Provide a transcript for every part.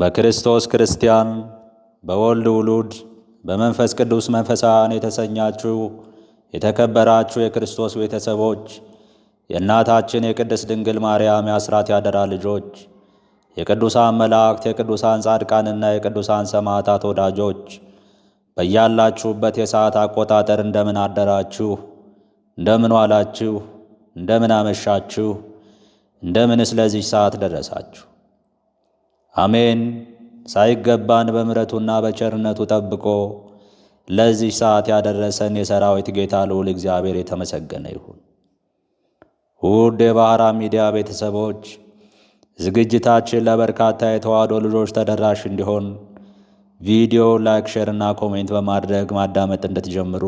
በክርስቶስ ክርስቲያን በወልድ ውሉድ በመንፈስ ቅዱስ መንፈሳን የተሰኛችሁ የተከበራችሁ የክርስቶስ ቤተሰቦች የእናታችን የቅድስት ድንግል ማርያም የአስራት ያደራ ልጆች የቅዱሳን መላእክት የቅዱሳን ጻድቃንና የቅዱሳን ሰማዕታት ወዳጆች በያላችሁበት የሰዓት አቆጣጠር እንደምን አደራችሁ? እንደምን ዋላችሁ? እንደምን አመሻችሁ? እንደምን ስለዚህ ሰዓት ደረሳችሁ? አሜን። ሳይገባን በምረቱና በቸርነቱ ጠብቆ ለዚህ ሰዓት ያደረሰን የሰራዊት ጌታ ልዑል እግዚአብሔር የተመሰገነ ይሁን። ውድ የባህራ ሚዲያ ቤተሰቦች ዝግጅታችን ለበርካታ የተዋህዶ ልጆች ተደራሽ እንዲሆን ቪዲዮ ላይክ፣ ሼር እና ኮሜንት በማድረግ ማዳመጥ እንድትጀምሩ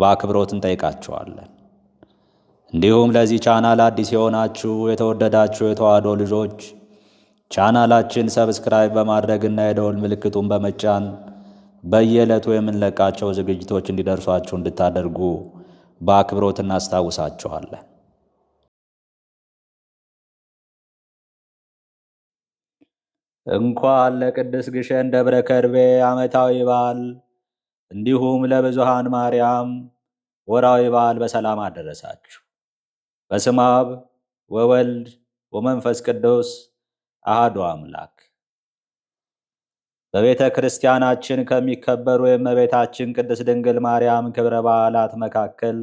በአክብሮት እንጠይቃችኋለን። እንዲሁም ለዚህ ቻናል አዲስ የሆናችሁ የተወደዳችሁ የተዋህዶ ልጆች ቻናላችን ሰብስክራይብ በማድረግና የደወል ምልክቱን በመጫን በየዕለቱ የምንለቃቸው ዝግጅቶች እንዲደርሷችሁ እንድታደርጉ በአክብሮት እናስታውሳችኋለን። እንኳን ለቅድስት ግሸን ደብረ ከርቤ ዓመታዊ በዓል እንዲሁም ለብዙሃን ማርያም ወራዊ በዓል በሰላም አደረሳችሁ። በስመ አብ ወወልድ ወመንፈስ ቅዱስ አህዶ አምላክ በቤተ ክርስቲያናችን ከሚከበሩ የእመቤታችን ቅድስት ድንግል ማርያም ክብረ በዓላት መካከል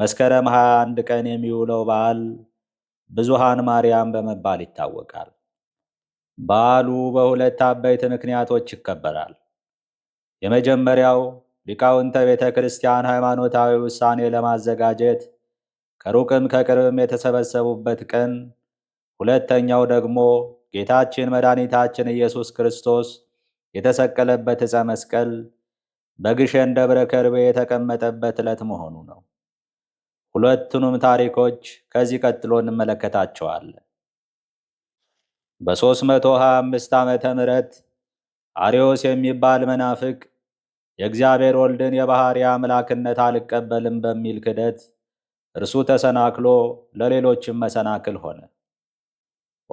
መስከረም 21 ቀን የሚውለው በዓል ብዙሃን ማርያም በመባል ይታወቃል። በዓሉ በሁለት አበይት ምክንያቶች ይከበራል። የመጀመሪያው ሊቃውንተ ቤተ ክርስቲያን ሃይማኖታዊ ውሳኔ ለማዘጋጀት ከሩቅም ከቅርብም የተሰበሰቡበት ቀን ሁለተኛው ደግሞ ጌታችን መድኃኒታችን ኢየሱስ ክርስቶስ የተሰቀለበት ዕፀ መስቀል በግሸን ደብረ ከርቤ የተቀመጠበት ዕለት መሆኑ ነው። ሁለቱንም ታሪኮች ከዚህ ቀጥሎ እንመለከታቸዋለን። በ325 ዓመተ ምህረት አሪዮስ የሚባል መናፍቅ የእግዚአብሔር ወልድን የባሕርይ አምላክነት አልቀበልም በሚል ክደት እርሱ ተሰናክሎ ለሌሎችም መሰናክል ሆነ።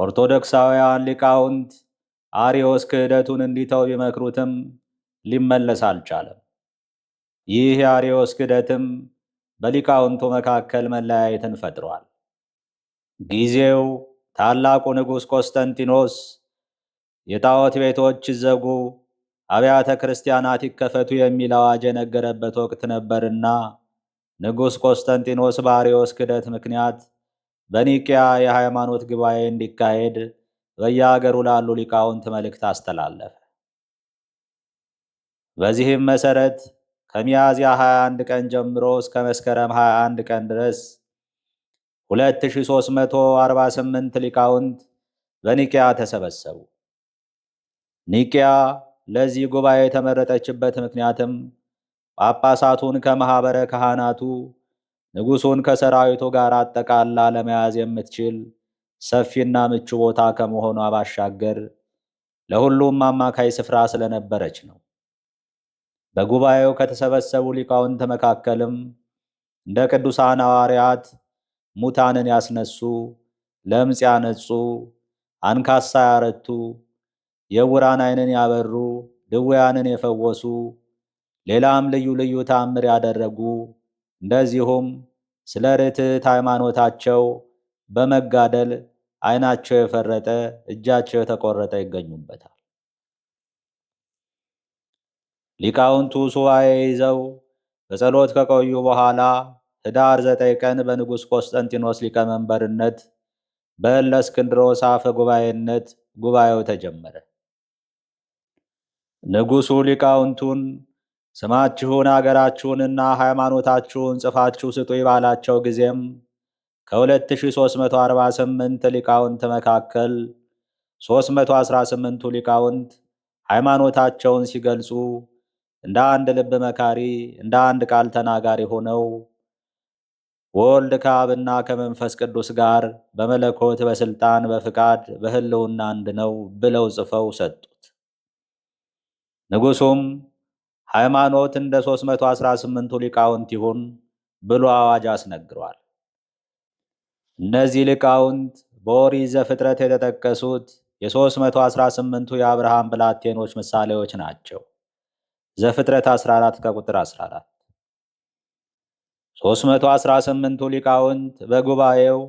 ኦርቶዶክሳውያን ሊቃውንት አሪዮስ ክህደቱን እንዲተው ቢመክሩትም ሊመለስ አልቻለም። ይህ የአሪዮስ ክህደትም በሊቃውንቱ መካከል መለያየትን ፈጥሯል። ጊዜው ታላቁ ንጉሥ ቆስጠንጢኖስ የጣዖት ቤቶች ይዘጉ፣ አብያተ ክርስቲያናት ይከፈቱ የሚል አዋጅ የነገረበት ወቅት ነበርና ንጉሥ ቆስጠንጢኖስ በአሪዮስ ክህደት ምክንያት በኒቅያ የሃይማኖት ጉባኤ እንዲካሄድ በየአገሩ ላሉ ሊቃውንት መልእክት አስተላለፈ። በዚህም መሰረት ከሚያዝያ 21 ቀን ጀምሮ እስከ መስከረም 21 ቀን ድረስ 2348 ሊቃውንት በኒቅያ ተሰበሰቡ። ኒቅያ ለዚህ ጉባኤ የተመረጠችበት ምክንያትም ጳጳሳቱን ከማኅበረ ካህናቱ ንጉሱን ከሰራዊቱ ጋር አጠቃላ ለመያዝ የምትችል ሰፊና ምቹ ቦታ ከመሆኗ ባሻገር ለሁሉም አማካይ ስፍራ ስለነበረች ነው። በጉባኤው ከተሰበሰቡ ሊቃውንት መካከልም እንደ ቅዱሳን ሐዋርያት ሙታንን ያስነሱ፣ ለምጽ ያነጹ፣ አንካሳ ያረቱ፣ የውራን ዓይንን ያበሩ፣ ድውያንን የፈወሱ፣ ሌላም ልዩ ልዩ ተአምር ያደረጉ እንደዚሁም ስለ ርትዕት ሃይማኖታቸው በመጋደል ዓይናቸው የፈረጠ እጃቸው የተቆረጠ ይገኙበታል። ሊቃውንቱ ሱባኤ ይዘው በጸሎት ከቆዩ በኋላ ኅዳር ዘጠኝ ቀን በንጉሥ ቆስጠንቲኖስ ሊቀመንበርነት በእለ እስክንድሮስ አፈ ጉባኤነት ጉባኤው ተጀመረ። ንጉሡ ሊቃውንቱን ስማችሁን አገራችሁንና ሃይማኖታችሁን ጽፋችሁ ስጡ ባላቸው ጊዜም ከ2348 ሊቃውንት መካከል 318ቱ ሊቃውንት ሃይማኖታቸውን ሲገልጹ እንደ አንድ ልብ መካሪ እንደ አንድ ቃል ተናጋሪ ሆነው ወልድ ከአብና ከመንፈስ ቅዱስ ጋር በመለኮት በስልጣን በፍቃድ በህልውና አንድ ነው ብለው ጽፈው ሰጡት። ንጉሱም ሃይማኖት እንደ 318ቱ ሊቃውንት ይሁን ብሎ አዋጅ አስነግሯል። እነዚህ ሊቃውንት በኦሪት ዘፍጥረት የተጠቀሱት የ318ቱ የአብርሃም ብላቴኖች ምሳሌዎች ናቸው። ዘፍጥረት 14 ከቁጥር 14 318ቱ ሊቃውንት በጉባኤው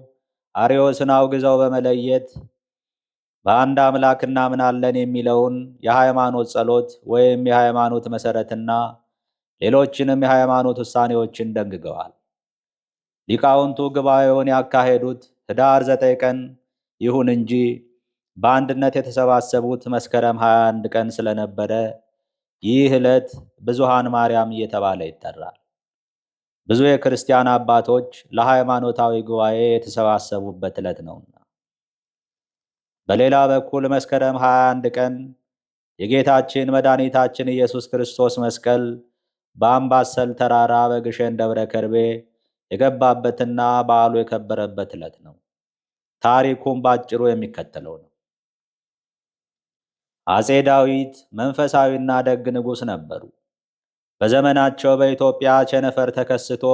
አርዮስን አውግዘው በመለየት በአንድ አምላክ እናምናለን የሚለውን የሃይማኖት ጸሎት ወይም የሃይማኖት መሠረትና ሌሎችንም የሃይማኖት ውሳኔዎችን ደንግገዋል። ሊቃውንቱ ጉባኤውን ያካሄዱት ህዳር ዘጠኝ ቀን ይሁን እንጂ በአንድነት የተሰባሰቡት መስከረም 21 ቀን ስለነበረ ይህ ዕለት ብዙሃን ማርያም እየተባለ ይጠራል። ብዙ የክርስቲያን አባቶች ለሃይማኖታዊ ጉባኤ የተሰባሰቡበት ዕለት ነውና በሌላ በኩል መስከረም 21 ቀን የጌታችን መድኃኒታችን ኢየሱስ ክርስቶስ መስቀል በአምባሰል ተራራ በግሸን ደብረ ከርቤ የገባበትና በዓሉ የከበረበት ዕለት ነው። ታሪኩም ባጭሩ የሚከተለው ነው። አጼ ዳዊት መንፈሳዊና ደግ ንጉሥ ነበሩ። በዘመናቸው በኢትዮጵያ ቸነፈር ተከስቶ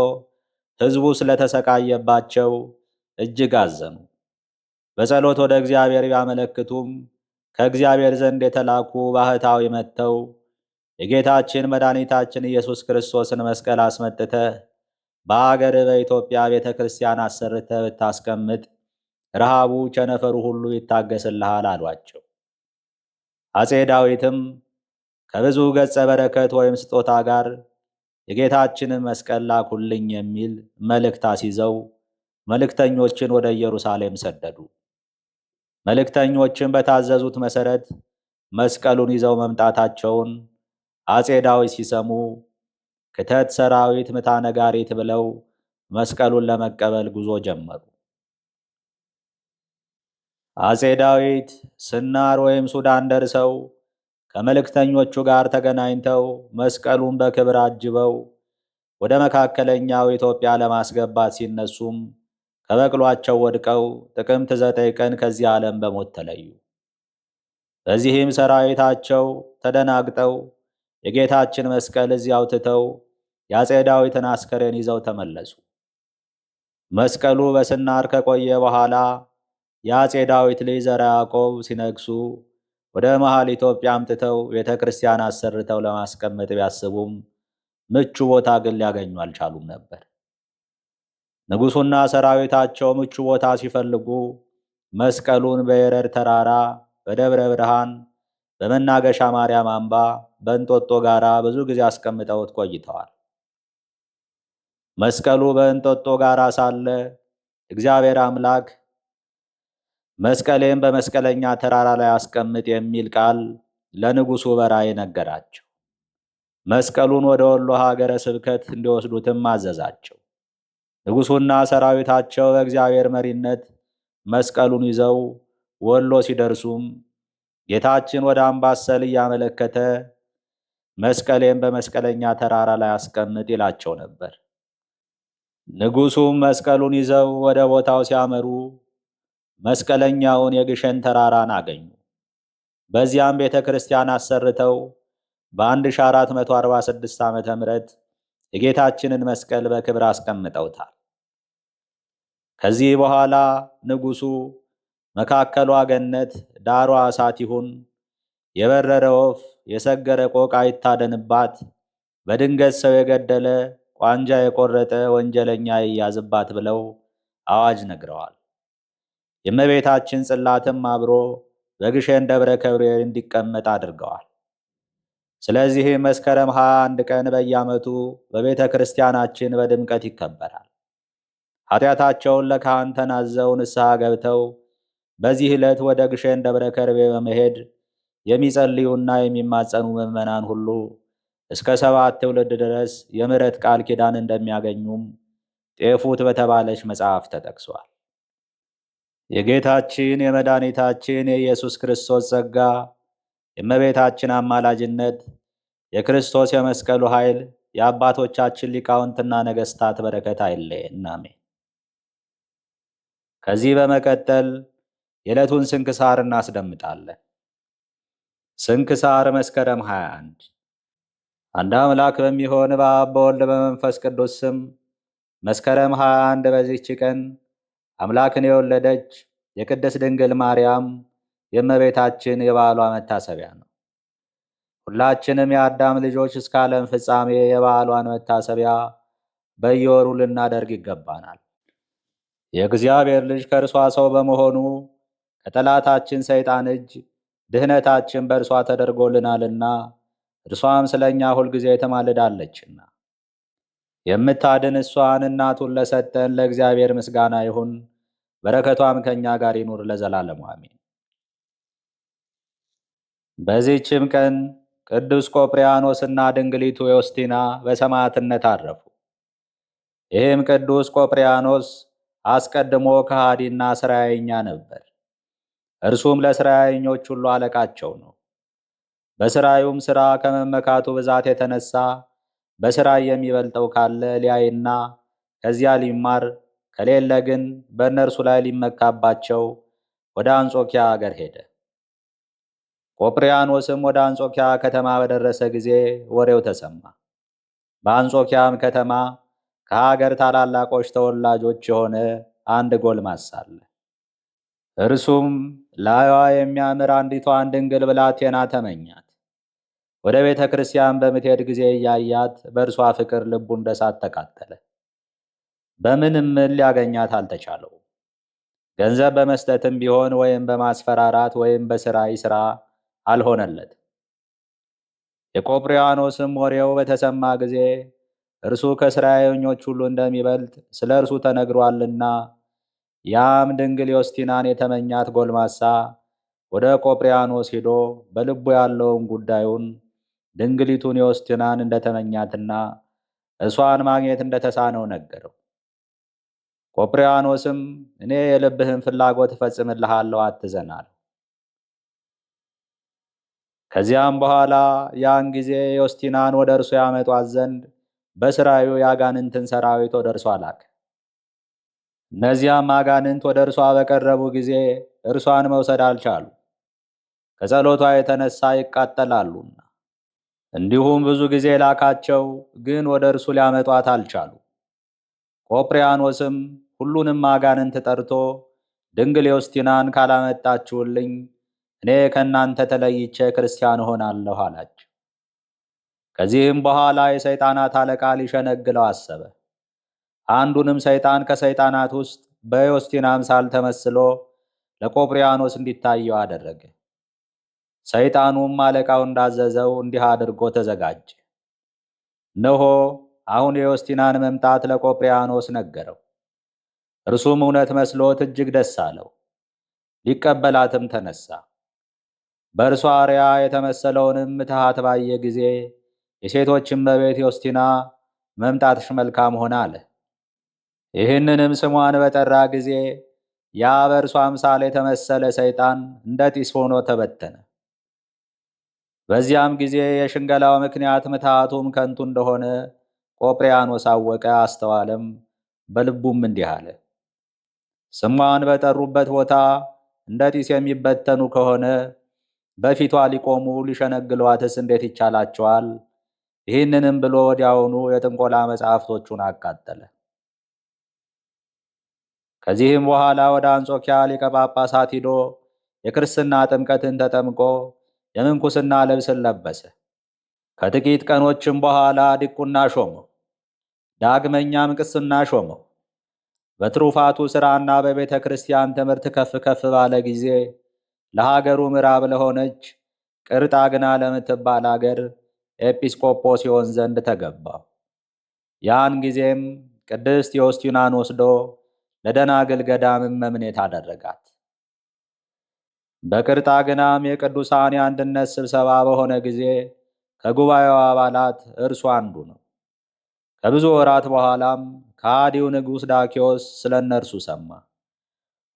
ሕዝቡ ስለተሰቃየባቸው እጅግ አዘኑ። በጸሎት ወደ እግዚአብሔር ቢያመለክቱም ከእግዚአብሔር ዘንድ የተላኩ ባህታዊ መጥተው የጌታችን መድኃኒታችን ኢየሱስ ክርስቶስን መስቀል አስመጥተ በአገር በኢትዮጵያ ቤተ ክርስቲያን አሰርተ ብታስቀምጥ ረሃቡ፣ ቸነፈሩ ሁሉ ይታገስልሃል አሏቸው። አጼ ዳዊትም ከብዙ ገጸ በረከት ወይም ስጦታ ጋር የጌታችንን መስቀል ላኩልኝ የሚል መልእክት አስይዘው መልእክተኞችን ወደ ኢየሩሳሌም ሰደዱ። መልእክተኞችን በታዘዙት መሰረት መስቀሉን ይዘው መምጣታቸውን አጼ ዳዊት ሲሰሙ ክተት ሰራዊት ምታ ነጋሪት ብለው መስቀሉን ለመቀበል ጉዞ ጀመሩ። አጼ ዳዊት ስናር ወይም ሱዳን ደርሰው ከመልእክተኞቹ ጋር ተገናኝተው መስቀሉን በክብር አጅበው ወደ መካከለኛው ኢትዮጵያ ለማስገባት ሲነሱም ከበቅሏቸው ወድቀው ጥቅምት ዘጠኝ ቀን ከዚህ ዓለም በሞት ተለዩ። በዚህም ሰራዊታቸው ተደናግጠው የጌታችን መስቀል እዚያው ትተው የአፄ ዳዊትን አስከሬን ይዘው ተመለሱ። መስቀሉ በስናር ከቆየ በኋላ የአፄ ዳዊት ልጅ ዘርዓ ያዕቆብ ሲነግሱ ወደ መሃል ኢትዮጵያ አምጥተው ቤተ ክርስቲያን አሰርተው ለማስቀመጥ ቢያስቡም ምቹ ቦታ ግን ሊያገኙ አልቻሉም ነበር። ንጉሡና ሰራዊታቸው ምቹ ቦታ ሲፈልጉ መስቀሉን በየረር ተራራ፣ በደብረ ብርሃን፣ በመናገሻ ማርያም አምባ፣ በእንጦጦ ጋራ ብዙ ጊዜ አስቀምጠውት ቆይተዋል። መስቀሉ በእንጦጦ ጋራ ሳለ እግዚአብሔር አምላክ መስቀሌም በመስቀለኛ ተራራ ላይ አስቀምጥ የሚል ቃል ለንጉሡ በራእይ ነገራቸው። መስቀሉን ወደ ወሎ ሀገረ ስብከት እንዲወስዱትም አዘዛቸው። ንጉሱና ሰራዊታቸው በእግዚአብሔር መሪነት መስቀሉን ይዘው ወሎ ሲደርሱም ጌታችን ወደ አምባሰል እያመለከተ መስቀሌም በመስቀለኛ ተራራ ላይ አስቀምጥ ይላቸው ነበር። ንጉሱም መስቀሉን ይዘው ወደ ቦታው ሲያመሩ መስቀለኛውን የግሸን ተራራን አገኙ። በዚያም ቤተ ክርስቲያን አሰርተው በ1446 ዓ ም የጌታችንን መስቀል በክብር አስቀምጠውታል። ከዚህ በኋላ ንጉሡ መካከሏ ገነት ዳሯ እሳት ይሁን፣ የበረረ ወፍ የሰገረ ቆቃ ይታደንባት፣ በድንገት ሰው የገደለ ቋንጃ የቆረጠ ወንጀለኛ ይያዝባት ብለው አዋጅ ነግረዋል። የእመቤታችን ጽላትም አብሮ በግሸን ደብረ ከብርኤል እንዲቀመጥ አድርገዋል። ስለዚህ መስከረም 21 ቀን በየዓመቱ በቤተ ክርስቲያናችን በድምቀት ይከበራል። ኃጢአታቸውን ለካህን ተናዘው ንስሐ ገብተው በዚህ ዕለት ወደ ግሸን ደብረ ከርቤ በመሄድ የሚጸልዩና የሚማጸኑ ምዕመናን ሁሉ እስከ ሰባት ትውልድ ድረስ የምሕረት ቃል ኪዳን እንደሚያገኙም ጤፉት በተባለች መጽሐፍ ተጠቅሷል። የጌታችን የመድኃኒታችን የኢየሱስ ክርስቶስ ጸጋ የእመቤታችን አማላጅነት፣ የክርስቶስ የመስቀሉ ኃይል፣ የአባቶቻችን ሊቃውንትና ነገሥታት በረከት አይለየን። አሜን። ከዚህ በመቀጠል የዕለቱን ስንክሳር እናስደምጣለን። ስንክሳር መስከረም 21 አንድ አምላክ በሚሆን በአብ በወልድ በመንፈስ ቅዱስ ስም መስከረም 21 በዚህች ቀን አምላክን የወለደች የቅድስት ድንግል ማርያም የእመቤታችን የበዓሏ መታሰቢያ ነው። ሁላችንም የአዳም ልጆች እስከ ዓለም ፍጻሜ የበዓሏን መታሰቢያ በየወሩ ልናደርግ ይገባናል። የእግዚአብሔር ልጅ ከእርሷ ሰው በመሆኑ ከጠላታችን ሰይጣን እጅ ድህነታችን በእርሷ ተደርጎልናልና እርሷም ስለ እኛ ሁልጊዜ ትማልዳለችና የምታድን እሷን እናቱን ለሰጠን ለእግዚአብሔር ምስጋና ይሁን። በረከቷም ከእኛ ጋር ይኑር ለዘላለሙ አሜን። በዚህችም ቀን ቅዱስ ቆጵርያኖስና ድንግሊቱ ዮስቲና በሰማዕትነት አረፉ። ይህም ቅዱስ ቆጵሪያኖስ አስቀድሞ ከሃዲና ስራየኛ ነበር። እርሱም ለስራየኞች ሁሉ አለቃቸው ነው። በስራዩም ስራ ከመመካቱ ብዛት የተነሳ በስራ የሚበልጠው ካለ ሊያይና ከዚያ ሊማር ከሌለ ግን በእነርሱ ላይ ሊመካባቸው ወደ አንጾኪያ አገር ሄደ። ቆጵርያኖስም ወደ አንጾኪያ ከተማ በደረሰ ጊዜ ወሬው ተሰማ። በአንጾኪያም ከተማ ከሀገር ታላላቆች ተወላጆች የሆነ አንድ ጎልማሳ አለ። እርሱም ላዩዋ የሚያምር አንዲቷን ድንግል ብላቴና ተመኛት። ወደ ቤተ ክርስቲያን በምትሄድ ጊዜ እያያት በእርሷ ፍቅር ልቡ እንደ እሳት ተቃጠለ። በምንም ሊያገኛት አልተቻለው። ገንዘብ በመስጠትም ቢሆን ወይም በማስፈራራት ወይም በስራይ ስራ አልሆነለት። የቆጵርያኖስም ወሬው በተሰማ ጊዜ እርሱ ከእስራኤኞች ሁሉ እንደሚበልጥ ስለ እርሱ ተነግሯልና ያም ድንግል ዮስቲናን የተመኛት ጎልማሳ ወደ ቆጵርያኖስ ሂዶ በልቡ ያለውን ጉዳዩን ድንግሊቱን ዮስቲናን እንደተመኛትና እሷን ማግኘት እንደተሳነው ነገረው። ቆጵርያኖስም እኔ የልብህን ፍላጎት እፈጽምልሃለሁ፣ አትዘናል። ከዚያም በኋላ ያን ጊዜ ዮስቲናን ወደ እርሱ ያመጧት ዘንድ በስራዩ የአጋንንትን ሰራዊት ወደ እርሷ ላክ። እነዚያም አጋንንት ወደ እርሷ በቀረቡ ጊዜ እርሷን መውሰድ አልቻሉ፣ ከጸሎቷ የተነሳ ይቃጠላሉና። እንዲሁም ብዙ ጊዜ ላካቸው፣ ግን ወደ እርሱ ሊያመጧት አልቻሉ። ቆፕሪያኖስም ሁሉንም አጋንንት ጠርቶ ድንግል ዮስቲናን ካላመጣችሁልኝ እኔ ከእናንተ ተለይቼ ክርስቲያን እሆናለሁ አላቸው። ከዚህም በኋላ የሰይጣናት አለቃ ሊሸነግለው አሰበ። አንዱንም ሰይጣን ከሰይጣናት ውስጥ በዮስቲን አምሳል ተመስሎ ለቆጵሪያኖስ እንዲታየው አደረገ። ሰይጣኑም አለቃው እንዳዘዘው እንዲህ አድርጎ ተዘጋጀ። እነሆ አሁን የዮስቲናን መምጣት ለቆጵሪያኖስ ነገረው። እርሱም እውነት መስሎት እጅግ ደስ አለው። ሊቀበላትም ተነሳ። በእርሷ አርያ የተመሰለውንም ምትሃት ባየ ጊዜ የሴቶችን በቤት ዮስቲና መምጣትሽ መልካም ሆነ አለ። ይህንንም ስሟን በጠራ ጊዜ ያ በእርሷ አምሳል የተመሰለ ሰይጣን እንደ ጢስ ሆኖ ተበተነ። በዚያም ጊዜ የሽንገላው ምክንያት ምትሃቱም ከንቱ እንደሆነ ቆጵርያኖስ አወቀ፣ አስተዋለም። በልቡም እንዲህ አለ፣ ስሟን በጠሩበት ቦታ እንደ ጢስ የሚበተኑ ከሆነ በፊቷ ሊቆሙ ሊሸነግሏትስ እንዴት ይቻላቸዋል? ይህንንም ብሎ ወዲያውኑ የጥንቆላ መጽሐፍቶቹን አቃጠለ። ከዚህም በኋላ ወደ አንጾኪያ ሊቀ ጳጳሳት ሂዶ የክርስትና ጥምቀትን ተጠምቆ የምንኩስና ልብስን ለበሰ። ከጥቂት ቀኖችም በኋላ ዲቁና ሾመው። ዳግመኛም ቅስና ሾመው። በትሩፋቱ ሥራና በቤተ ክርስቲያን ትምህርት ከፍ ከፍ ባለ ጊዜ ለሀገሩ ምዕራብ ለሆነች ቅርጣግና ለምትባል አገር ኤጲስቆጶስ ይሆን ዘንድ ተገባው። ያን ጊዜም ቅድስት ዮስቲናን ወስዶ ለደናግል ገዳም መምኔት አደረጋት። በቅርጣግናም የቅዱሳን የአንድነት ስብሰባ በሆነ ጊዜ ከጉባኤው አባላት እርሱ አንዱ ነው። ከብዙ ወራት በኋላም ከአዲው ንጉሥ ዳኪዎስ ስለ እነርሱ ሰማ።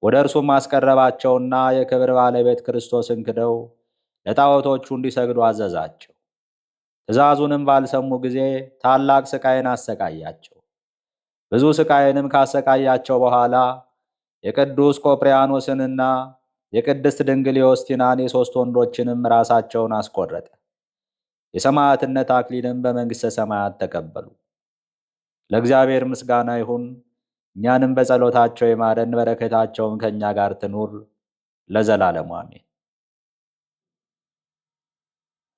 ወደ እርሱም አስቀረባቸውና የክብር ባለቤት ክርስቶስን ክደው ለጣዖቶቹ እንዲሰግዱ አዘዛቸው። ትእዛዙንም ባልሰሙ ጊዜ ታላቅ ስቃይን አሰቃያቸው። ብዙ ስቃይንም ካሰቃያቸው በኋላ የቅዱስ ቆጵርያኖስንና የቅድስት ድንግል ዮስቲናን የሦስት ወንዶችንም ራሳቸውን አስቆረጠ። የሰማዕትነት አክሊልም በመንግሥተ ሰማያት ተቀበሉ። ለእግዚአብሔር ምስጋና ይሁን። እኛንም በጸሎታቸው የማረን በረከታቸውም ከእኛ ጋር ትኑር ለዘላለሙ አሜን።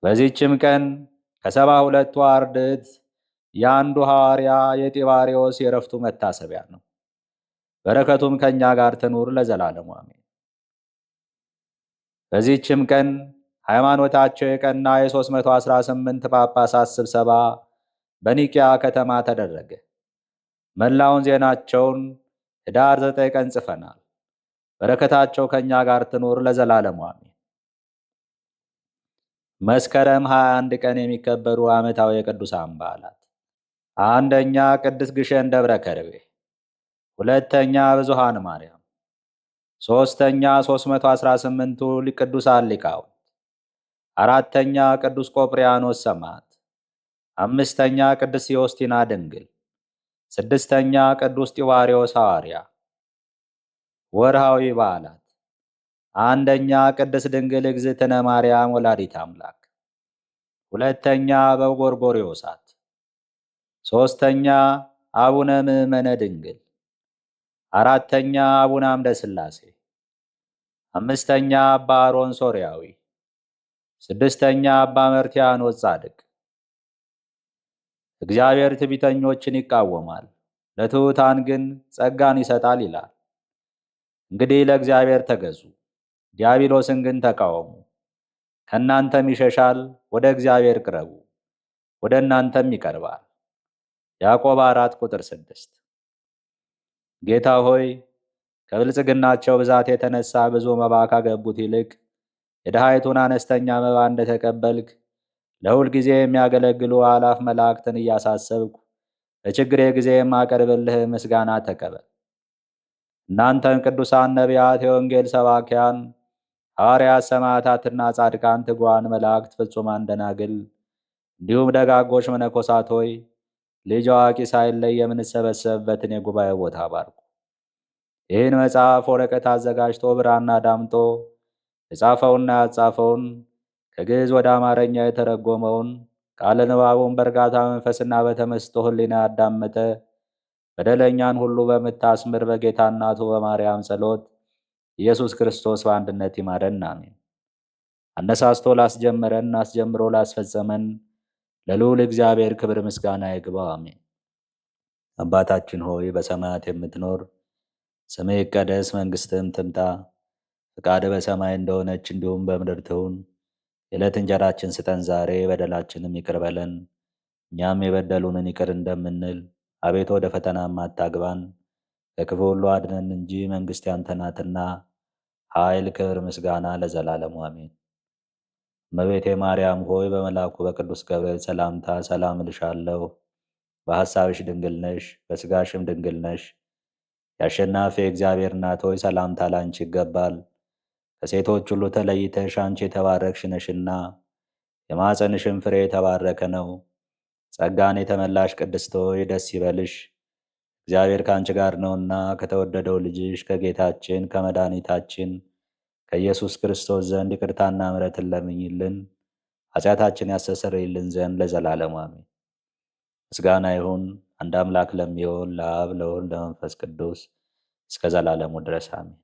በዚህችም ቀን ከሰባ ሁለቱ አርድእት የአንዱ ሐዋርያ የጢባሪዎስ የረፍቱ መታሰቢያ ነው። በረከቱም ከእኛ ጋር ትኑር ለዘላለሙ አሜን። በዚህችም ቀን ሃይማኖታቸው የቀና የ318 ጳጳሳት ስብሰባ በኒቅያ ከተማ ተደረገ። መላውን ዜናቸውን ህዳር ዘጠኝ ቀን ጽፈናል። በረከታቸው ከእኛ ጋር ትኖር ለዘላለሙ አሜን። መስከረም 21 ቀን የሚከበሩ ዓመታዊ የቅዱሳን በዓላት፣ አንደኛ ቅድስት ግሸን ደብረ ከርቤ፣ ሁለተኛ ብዙሃን ማርያም፣ ሦስተኛ 318ቱ ቅዱሳን ሊቃውንት፣ አራተኛ ቅዱስ ቆጵርያኖስ ሰማዕት፣ አምስተኛ ቅድስት ዮስቲና ድንግል ስድስተኛ ቅዱስ ጢባርዮስ ሐዋርያ። ወርሃዊ በዓላት፣ አንደኛ ቅድስት ድንግል እግዝእትነ ማርያም ወላዲት አምላክ፣ ሁለተኛ በጎርጎርዮሳት፣ ሦስተኛ አቡነ ምዕመነ ድንግል፣ አራተኛ አቡነ አምደ ሥላሴ፣ አምስተኛ አባ አሮን ሶርያዊ፣ ስድስተኛ አባ መርትያኖስ ጻድቅ እግዚአብሔር ትዕቢተኞችን ይቃወማል፣ ለትሑታን ግን ጸጋን ይሰጣል ይላል። እንግዲህ ለእግዚአብሔር ተገዙ፣ ዲያብሎስን ግን ተቃወሙ፣ ከእናንተም ይሸሻል። ወደ እግዚአብሔር ቅረቡ፣ ወደ እናንተም ይቀርባል። ያዕቆብ አራት ቁጥር ስድስት ጌታ ሆይ ከብልጽግናቸው ብዛት የተነሳ ብዙ መባ ካገቡት ይልቅ የድሃይቱን አነስተኛ መባ እንደተቀበልክ ለሁል ጊዜ የሚያገለግሉ አላፍ መላእክትን እያሳሰብኩ በችግሬ ጊዜ የማቀርብልህ ምስጋና ተቀበል። እናንተን ቅዱሳን ነቢያት፣ የወንጌል ሰባኪያን ሐዋርያት፣ ሰማዕታትና ጻድቃን፣ ትጉዋን መላእክት፣ ፍጹማን ደናግል፣ እንዲሁም ደጋጎች መነኮሳት ሆይ ልጅ አዋቂ ሳይለይ የምንሰበሰብበትን የጉባኤ ቦታ ባርኩ። ይህን መጽሐፍ ወረቀት አዘጋጅቶ ብራና ዳምጦ የጻፈውና ያጻፈውን ከግዕዝ ወደ አማርኛ የተረጎመውን ቃለ ንባቡን በእርጋታ መንፈስና በተመስጦ ሕሊና ያዳመጠ በደለኛን ሁሉ በምታስምር በጌታ እናቱ በማርያም ጸሎት ኢየሱስ ክርስቶስ በአንድነት ይማረን፣ አሜን። አነሳስቶ ላስጀመረን አስጀምሮ ላስፈጸመን ለልዑል እግዚአብሔር ክብር ምስጋና ይግባው፣ አሜን። አባታችን ሆይ በሰማያት የምትኖር ስምህ ይቀደስ፣ ትምጣ፣ ፈቃድህ በሰማይ እንደሆነች እንዲሁም በምድር ትሁን የዕለት እንጀራችን ስጠን ዛሬ፣ በደላችንም ይቅር በለን እኛም የበደሉንን ይቅር እንደምንል፣ አቤቱ ወደ ፈተናም አታግባን ከክፉ ሁሉ አድነን እንጂ መንግሥት ያንተ ናትና፣ ኃይል፣ ክብር፣ ምስጋና ለዘላለሙ አሜን። እመቤቴ ማርያም ሆይ በመልአኩ በቅዱስ ገብርኤል ሰላምታ ሰላም እልሻለሁ። በሐሳብሽ ድንግል ነሽ፣ በሥጋሽም ድንግል ነሽ። የአሸናፊ እግዚአብሔር እናት ሆይ ሰላምታ ላንቺ ይገባል። ከሴቶች ሁሉ ተለይተሽ አንቺ የተባረክሽ ነሽና የማፀንሽን ፍሬ የተባረከ ነው። ጸጋን የተመላሽ ቅድስት ሆይ ደስ ይበልሽ፣ እግዚአብሔር ከአንቺ ጋር ነውና ከተወደደው ልጅሽ ከጌታችን ከመድኃኒታችን ከኢየሱስ ክርስቶስ ዘንድ ይቅርታና ምሕረትን ለምኝልን ኃጢአታችን ያስተሰርይልን ዘንድ ለዘላለሙ አሜን። ምስጋና ይሁን አንድ አምላክ ለሚሆን ለአብ ለወልድ ለመንፈስ ቅዱስ እስከ ዘላለሙ ድረስ አሜን።